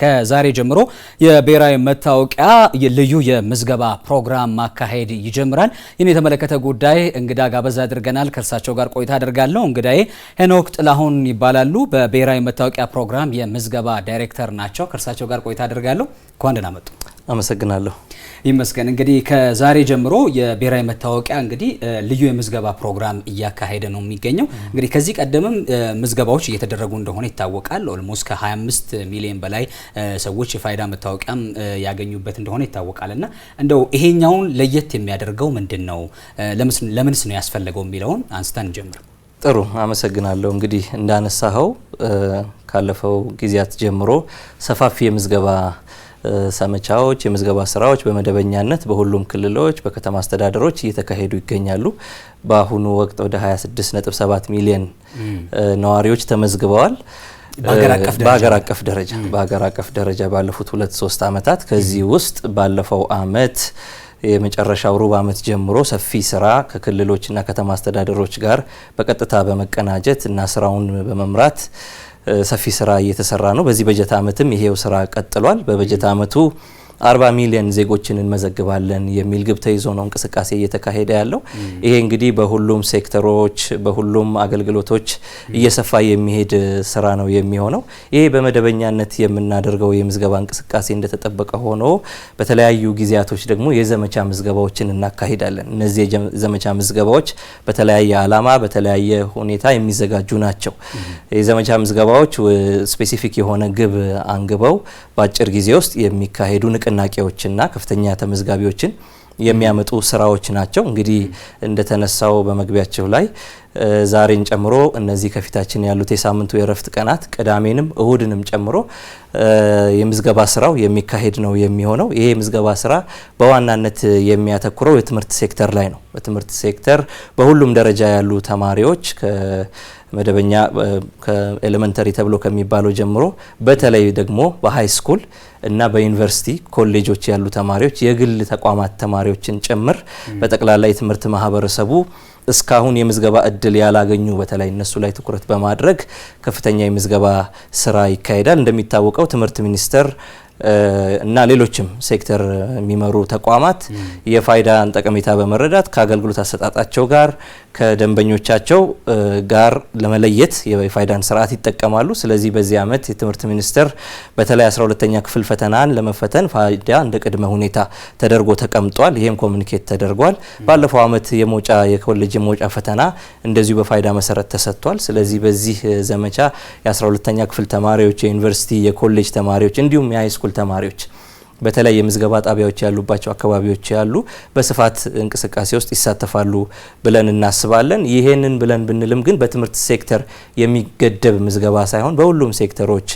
ከዛሬ ጀምሮ የብሔራዊ መታወቂያ ልዩ የምዝገባ ፕሮግራም ማካሄድ ይጀምራል። ይህን የተመለከተ ጉዳይ እንግዳ ጋበዝ አድርገናል። ከእርሳቸው ጋር ቆይታ አድርጋለሁ። እንግዳዬ ሄኖክ ጥላሁን ይባላሉ። በብሔራዊ መታወቂያ ፕሮግራም የምዝገባ ዳይሬክተር ናቸው። ከእርሳቸው ጋር ቆይታ አድርጋለሁ። እንኳን ደህና መጡ። አመሰግናለሁ። ይመስገን እንግዲህ ከዛሬ ጀምሮ የብሔራዊ መታወቂያ እንግዲህ ልዩ የምዝገባ ፕሮግራም እያካሄደ ነው የሚገኘው። እንግዲህ ከዚህ ቀደምም ምዝገባዎች እየተደረጉ እንደሆነ ይታወቃል። ኦልሞስት ከ25 ሚሊዮን በላይ ሰዎች የፋይዳ መታወቂያም ያገኙበት እንደሆነ ይታወቃል። እና እንደው ይሄኛውን ለየት የሚያደርገው ምንድን ነው፣ ለምንስ ነው ያስፈለገው የሚለውን አንስተን ጀምር። ጥሩ አመሰግናለሁ። እንግዲህ እንዳነሳኸው ካለፈው ጊዜያት ጀምሮ ሰፋፊ የምዝገባ ሰመቻዎች የምዝገባ ስራዎች በመደበኛነት በሁሉም ክልሎች በከተማ አስተዳደሮች እየተካሄዱ ይገኛሉ። በአሁኑ ወቅት ወደ 26.7 ሚሊዮን ነዋሪዎች ተመዝግበዋል። በሀገር አቀፍ ደረጃ በሀገር አቀፍ ደረጃ ባለፉት ሁለት ሶስት አመታት ከዚህ ውስጥ ባለፈው አመት የመጨረሻው ሩብ አመት ጀምሮ ሰፊ ስራ ከክልሎችና ከተማ አስተዳደሮች ጋር በቀጥታ በመቀናጀት እና ስራውን በመምራት ሰፊ ስራ እየተሰራ ነው። በዚህ በጀት ዓመትም ይሄው ስራ ቀጥሏል። በበጀት ዓመቱ አርባ ሚሊዮን ዜጎችን እንመዘግባለን የሚል ግብ ተይዞ ነው እንቅስቃሴ እየተካሄደ ያለው። ይሄ እንግዲህ በሁሉም ሴክተሮች በሁሉም አገልግሎቶች እየሰፋ የሚሄድ ስራ ነው የሚሆነው። ይሄ በመደበኛነት የምናደርገው የምዝገባ እንቅስቃሴ እንደተጠበቀ ሆኖ በተለያዩ ጊዜያቶች ደግሞ የዘመቻ ምዝገባዎችን እናካሂዳለን። እነዚህ የዘመቻ ምዝገባዎች በተለያየ ዓላማ በተለያየ ሁኔታ የሚዘጋጁ ናቸው። የዘመቻ ምዝገባዎች ስፔሲፊክ የሆነ ግብ አንግበው በአጭር ጊዜ ውስጥ የሚካሄዱ ንቅ ንቅናቄዎችና ከፍተኛ ተመዝጋቢዎችን የሚያመጡ ስራዎች ናቸው። እንግዲህ እንደተነሳው በመግቢያቸው ላይ ዛሬን ጨምሮ እነዚህ ከፊታችን ያሉት የሳምንቱ የእረፍት ቀናት ቅዳሜንም እሁድንም ጨምሮ የምዝገባ ስራው የሚካሄድ ነው የሚሆነው። ይሄ የምዝገባ ስራ በዋናነት የሚያተኩረው የትምህርት ሴክተር ላይ ነው። በትምህርት ሴክተር በሁሉም ደረጃ ያሉ ተማሪዎች መደበኛ ኤሌመንተሪ ተብሎ ከሚባለው ጀምሮ በተለይ ደግሞ በሀይ ስኩል እና በዩኒቨርሲቲ ኮሌጆች ያሉ ተማሪዎች የግል ተቋማት ተማሪዎችን ጭምር በጠቅላላ የትምህርት ማህበረሰቡ እስካሁን የምዝገባ እድል ያላገኙ በተለይ እነሱ ላይ ትኩረት በማድረግ ከፍተኛ የምዝገባ ስራ ይካሄዳል። እንደሚታወቀው ትምህርት ሚኒስቴር እና ሌሎችም ሴክተር የሚመሩ ተቋማት የፋይዳን ጠቀሜታ በመረዳት ከአገልግሎት አሰጣጣቸው ጋር ከደንበኞቻቸው ጋር ለመለየት የፋይዳን ስርዓት ይጠቀማሉ። ስለዚህ በዚህ ዓመት የትምህርት ሚኒስቴር በተለይ 12ኛ ክፍል ፈተናን ለመፈተን ፋይዳ እንደ ቅድመ ሁኔታ ተደርጎ ተቀምጧል። ይህም ኮሚኒኬት ተደርጓል። ባለፈው ዓመት የመውጫ የኮሌጅ የመውጫ ፈተና እንደዚሁ በፋይዳ መሰረት ተሰጥቷል። ስለዚህ በዚህ ዘመቻ የ 12 ተኛ ክፍል ተማሪዎች፣ የዩኒቨርሲቲ የኮሌጅ ተማሪዎች እንዲሁም የሃይስኩል ተማሪዎች በተለይ የምዝገባ ጣቢያዎች ያሉባቸው አካባቢዎች ያሉ በስፋት እንቅስቃሴ ውስጥ ይሳተፋሉ ብለን እናስባለን። ይህንን ብለን ብንልም ግን በትምህርት ሴክተር የሚገደብ ምዝገባ ሳይሆን በሁሉም ሴክተሮች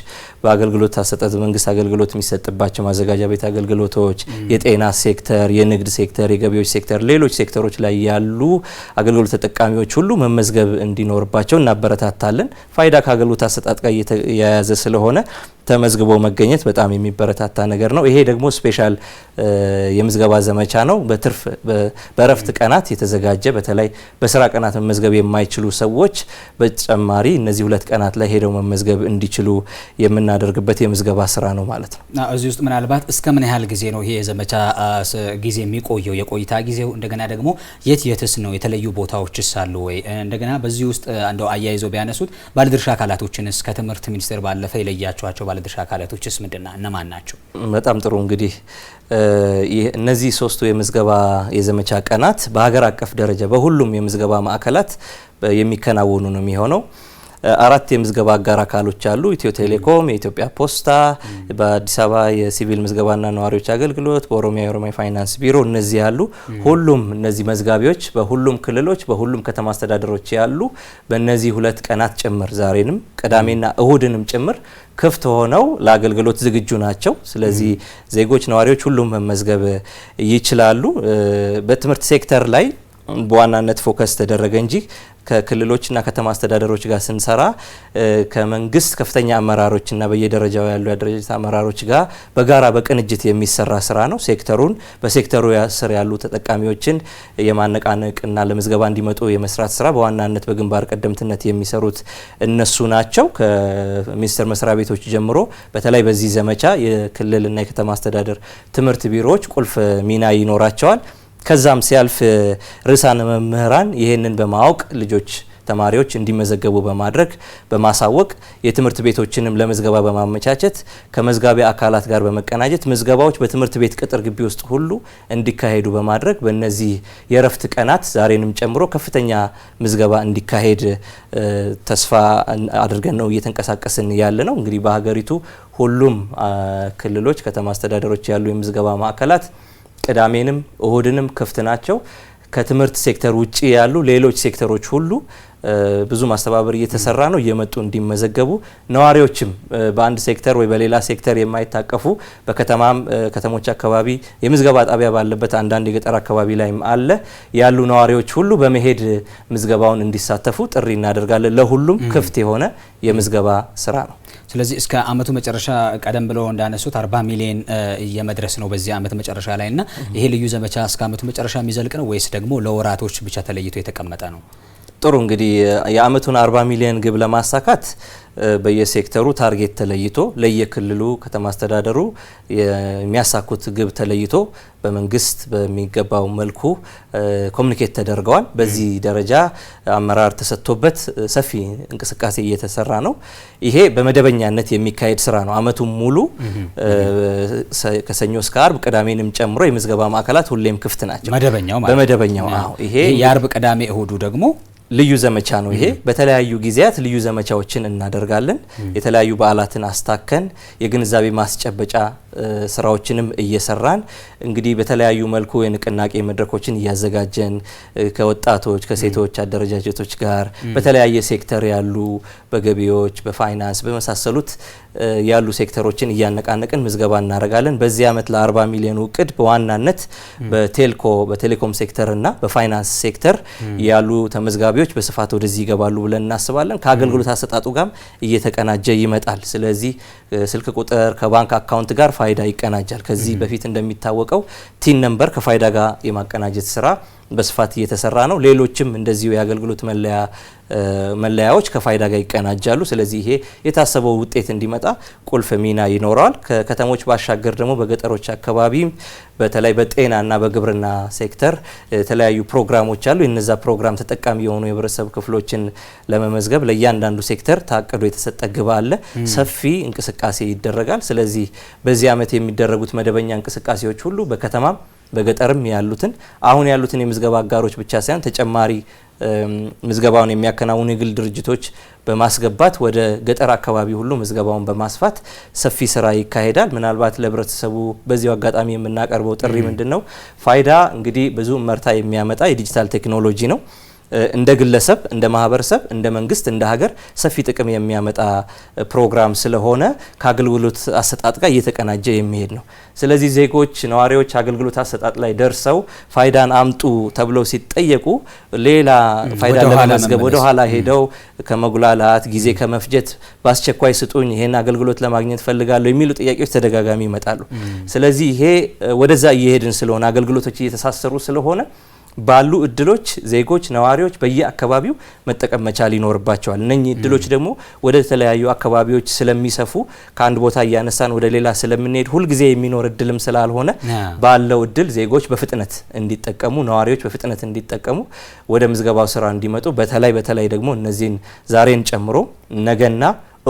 በአገልግሎት አሰጠት መንግስት አገልግሎት የሚሰጥባቸው ማዘጋጃ ቤት አገልግሎቶች፣ የጤና ሴክተር፣ የንግድ ሴክተር፣ የገቢዎች ሴክተር፣ ሌሎች ሴክተሮች ላይ ያሉ አገልግሎት ተጠቃሚዎች ሁሉ መመዝገብ እንዲኖርባቸው እናበረታታለን። ፋይዳ ከአገልግሎት አሰጣጥ ጋር እየተያያዘ ስለሆነ ተመዝግቦ መገኘት በጣም የሚበረታታ ነገር ነው። ይሄ ደግሞ ስፔሻል የምዝገባ ዘመቻ ነው። በትርፍ በእረፍት ቀናት የተዘጋጀ በተለይ በስራ ቀናት መመዝገብ የማይችሉ ሰዎች በተጨማሪ እነዚህ ሁለት ቀናት ላይ ሄደው መመዝገብ እንዲችሉ የምናደርግበት የምዝገባ ስራ ነው ማለት ነው። እዚህ ውስጥ ምናልባት እስከ ምን ያህል ጊዜ ነው ይሄ የዘመቻ ጊዜ የሚቆየው? የቆይታ ጊዜው እንደገና ደግሞ የት የትስ ነው? የተለዩ ቦታዎችስ አሉ ወይ? እንደገና በዚህ ውስጥ እንደው አያይዘው ቢያነሱት ባለድርሻ አካላቶችንስ ከትምህርት ሚኒስቴር ባለፈ የለያቸዋቸው ባለድርሻ አካላቶችስ ምንድና እነማን ናቸው? በጣም ጥሩ እንግዲህ እነዚህ ሶስቱ የምዝገባ የዘመቻ ቀናት በሀገር አቀፍ ደረጃ በሁሉም የምዝገባ ማዕከላት የሚከናወኑ ነው የሚሆነው አራት የምዝገባ አጋር አካሎች አሉ። ኢትዮ ቴሌኮም፣ የኢትዮጵያ ፖስታ፣ በአዲስ አበባ የሲቪል ምዝገባና ነዋሪዎች አገልግሎት፣ በኦሮሚያ የኦሮሚያ ፋይናንስ ቢሮ እነዚህ ያሉ ሁሉም እነዚህ መዝጋቢዎች በሁሉም ክልሎች በሁሉም ከተማ አስተዳደሮች ያሉ በእነዚህ ሁለት ቀናት ጭምር ዛሬንም ቅዳሜና እሁድንም ጭምር ክፍት ሆነው ለአገልግሎት ዝግጁ ናቸው። ስለዚህ ዜጎች፣ ነዋሪዎች ሁሉም መመዝገብ ይችላሉ። በትምህርት ሴክተር ላይ በዋናነት ፎከስ ተደረገ እንጂ ከክልሎችና ከተማ አስተዳደሮች ጋር ስንሰራ ከመንግስት ከፍተኛ አመራሮችና በየደረጃው ያሉ የአደረጃጀት አመራሮች ጋር በጋራ በቅንጅት የሚሰራ ስራ ነው። ሴክተሩን በሴክተሩ ስር ያሉ ተጠቃሚዎችን የማነቃነቅና ለምዝገባ እንዲመጡ የመስራት ስራ በዋናነት በግንባር ቀደምትነት የሚሰሩት እነሱ ናቸው። ከሚኒስቴር መስሪያ ቤቶች ጀምሮ በተለይ በዚህ ዘመቻ የክልልና የከተማ አስተዳደር ትምህርት ቢሮዎች ቁልፍ ሚና ይኖራቸዋል። ከዛም ሲያልፍ ርዕሳነ መምህራን ይህንን በማወቅ ልጆች ተማሪዎች እንዲመዘገቡ በማድረግ በማሳወቅ የትምህርት ቤቶችንም ለመዝገባ በማመቻቸት ከመዝጋቢ አካላት ጋር በመቀናጀት ምዝገባዎች በትምህርት ቤት ቅጥር ግቢ ውስጥ ሁሉ እንዲካሄዱ በማድረግ በእነዚህ የረፍት ቀናት ዛሬንም ጨምሮ ከፍተኛ ምዝገባ እንዲካሄድ ተስፋ አድርገን ነው እየተንቀሳቀስን ያለ ነው። እንግዲህ በሀገሪቱ ሁሉም ክልሎች ከተማ አስተዳደሮች ያሉ የምዝገባ ማዕከላት ቅዳሜንም እሁድንም ክፍት ናቸው። ከትምህርት ሴክተር ውጭ ያሉ ሌሎች ሴክተሮች ሁሉ ብዙ ማስተባበር እየተሰራ ነው። እየመጡ እንዲመዘገቡ ነዋሪዎችም በአንድ ሴክተር ወይ በሌላ ሴክተር የማይታቀፉ በከተማም ከተሞች አካባቢ የምዝገባ ጣቢያ ባለበት አንዳንድ የገጠር አካባቢ ላይም አለ ያሉ ነዋሪዎች ሁሉ በመሄድ ምዝገባውን እንዲሳተፉ ጥሪ እናደርጋለን። ለሁሉም ክፍት የሆነ የምዝገባ ስራ ነው። ስለዚህ እስከ አመቱ መጨረሻ ቀደም ብሎ እንዳነሱት 40 ሚሊዮን የመድረስ ነው በዚህ አመት መጨረሻ ላይ እና ይሄ ልዩ ዘመቻ እስከ አመቱ መጨረሻ የሚዘልቅ ነው ወይስ ደግሞ ለወራቶች ብቻ ተለይቶ የተቀመጠ ነው? ጥሩ እንግዲህ የአመቱን 40 ሚሊዮን ግብ ለማሳካት በየሴክተሩ ታርጌት ተለይቶ ለየክልሉ ከተማ አስተዳደሩ የሚያሳኩት ግብ ተለይቶ በመንግስት በሚገባው መልኩ ኮሚኒኬት ተደርገዋል። በዚህ ደረጃ አመራር ተሰጥቶበት ሰፊ እንቅስቃሴ እየተሰራ ነው። ይሄ በመደበኛነት የሚካሄድ ስራ ነው። አመቱን ሙሉ ከሰኞ እስከ አርብ ቅዳሜንም ጨምሮ የምዝገባ ማዕከላት ሁሌም ክፍት ናቸው። በመደበኛው ይሄ የአርብ ቅዳሜ እሁዱ ደግሞ ልዩ ዘመቻ ነው ይሄ። በተለያዩ ጊዜያት ልዩ ዘመቻዎችን እናደርጋለን። የተለያዩ በዓላትን አስታከን የግንዛቤ ማስጨበጫ ስራዎችንም እየሰራን እንግዲህ በተለያዩ መልኩ የንቅናቄ መድረኮችን እያዘጋጀን ከወጣቶች ከሴቶች አደረጃጀቶች ጋር በተለያየ ሴክተር ያሉ በገቢዎች፣ በፋይናንስ በመሳሰሉት ያሉ ሴክተሮችን እያነቃነቅን ምዝገባ እናደርጋለን። በዚህ ዓመት ለ40 ሚሊዮን እቅድ በዋናነት በቴልኮ በቴሌኮም ሴክተር እና በፋይናንስ ሴክተር ያሉ ተመዝጋ አካባቢዎች በስፋት ወደዚህ ይገባሉ ብለን እናስባለን። ከአገልግሎት አሰጣጡ ጋም እየተቀናጀ ይመጣል። ስለዚህ ስልክ ቁጥር ከባንክ አካውንት ጋር ፋይዳ ይቀናጃል። ከዚህ በፊት እንደሚታወቀው ቲን ነምበር ከፋይዳ ጋር የማቀናጀት ስራ በስፋት እየተሰራ ነው። ሌሎችም እንደዚሁ የአገልግሎት መለያዎች ከፋይዳ ጋር ይቀናጃሉ። ስለዚህ ይሄ የታሰበው ውጤት እንዲመጣ ቁልፍ ሚና ይኖረዋል። ከከተሞች ባሻገር ደግሞ በገጠሮች አካባቢ በተለይ በጤናና በግብርና ሴክተር የተለያዩ ፕሮግራሞች አሉ። የነዛ ፕሮግራም ተጠቃሚ የሆኑ የህብረተሰብ ክፍሎችን ለመመዝገብ ለእያንዳንዱ ሴክተር ታቅዶ የተሰጠ ግብ አለ። ሰፊ እንቅስቃሴ ይደረጋል። ስለዚህ በዚህ ዓመት የሚደረጉት መደበኛ እንቅስቃሴዎች ሁሉ በከተማም በገጠርም ያሉትን አሁን ያሉትን የምዝገባ አጋሮች ብቻ ሳይሆን ተጨማሪ ምዝገባውን የሚያከናውኑ የግል ድርጅቶች በማስገባት ወደ ገጠር አካባቢ ሁሉ ምዝገባውን በማስፋት ሰፊ ስራ ይካሄዳል። ምናልባት ለህብረተሰቡ በዚሁ አጋጣሚ የምናቀርበው ጥሪ ምንድን ነው? ፋይዳ እንግዲህ ብዙ መርታ የሚያመጣ የዲጂታል ቴክኖሎጂ ነው። እንደ ግለሰብ፣ እንደ ማህበረሰብ፣ እንደ መንግስት፣ እንደ ሀገር ሰፊ ጥቅም የሚያመጣ ፕሮግራም ስለሆነ ከአገልግሎት አሰጣጥ ጋር እየተቀናጀ የሚሄድ ነው። ስለዚህ ዜጎች፣ ነዋሪዎች አገልግሎት አሰጣጥ ላይ ደርሰው ፋይዳን አምጡ ተብለው ሲጠየቁ ሌላ ፋይዳ ለማስገብ ወደ ኋላ ሄደው ከመጉላላት ጊዜ ከመፍጀት በአስቸኳይ ስጡኝ ይሄን አገልግሎት ለማግኘት ፈልጋለሁ የሚሉ ጥያቄዎች ተደጋጋሚ ይመጣሉ። ስለዚህ ይሄ ወደዛ እየሄድን ስለሆነ አገልግሎቶች እየተሳሰሩ ስለሆነ ባሉ እድሎች ዜጎች፣ ነዋሪዎች በየአካባቢው መጠቀም መቻል ይኖርባቸዋል። እነኚህ እድሎች ደግሞ ወደ ተለያዩ አካባቢዎች ስለሚሰፉ ከአንድ ቦታ እያነሳን ወደ ሌላ ስለምንሄድ ሁልጊዜ የሚኖር እድልም ስላልሆነ ባለው እድል ዜጎች በፍጥነት እንዲጠቀሙ፣ ነዋሪዎች በፍጥነት እንዲጠቀሙ፣ ወደ ምዝገባው ስራ እንዲመጡ በተለይ በተለይ ደግሞ እነዚህን ዛሬን ጨምሮ ነገና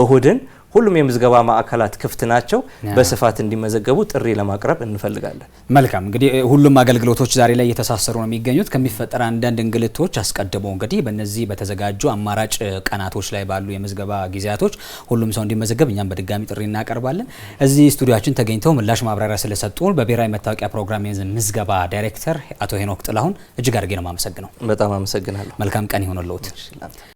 እሁድን ሁሉም የምዝገባ ማዕከላት ክፍት ናቸው። በስፋት እንዲመዘገቡ ጥሪ ለማቅረብ እንፈልጋለን። መልካም እንግዲህ ሁሉም አገልግሎቶች ዛሬ ላይ እየተሳሰሩ ነው የሚገኙት። ከሚፈጠር አንዳንድ እንግልቶች አስቀድሞ እንግዲህ በእነዚህ በተዘጋጁ አማራጭ ቀናቶች ላይ ባሉ የምዝገባ ጊዜያቶች ሁሉም ሰው እንዲመዘገብ እኛም በድጋሚ ጥሪ እናቀርባለን። እዚህ ስቱዲዮችን ተገኝተው ምላሽ ማብራሪያ ስለሰጡ በብሔራዊ መታወቂያ ፕሮግራም ምዝገባ ዳይሬክተር አቶ ሄኖክ ጥላሁን እጅግ አድርጌ ነው የማመሰግነው። በጣም አመሰግናለሁ። መልካም ቀን ይሆንልዎት።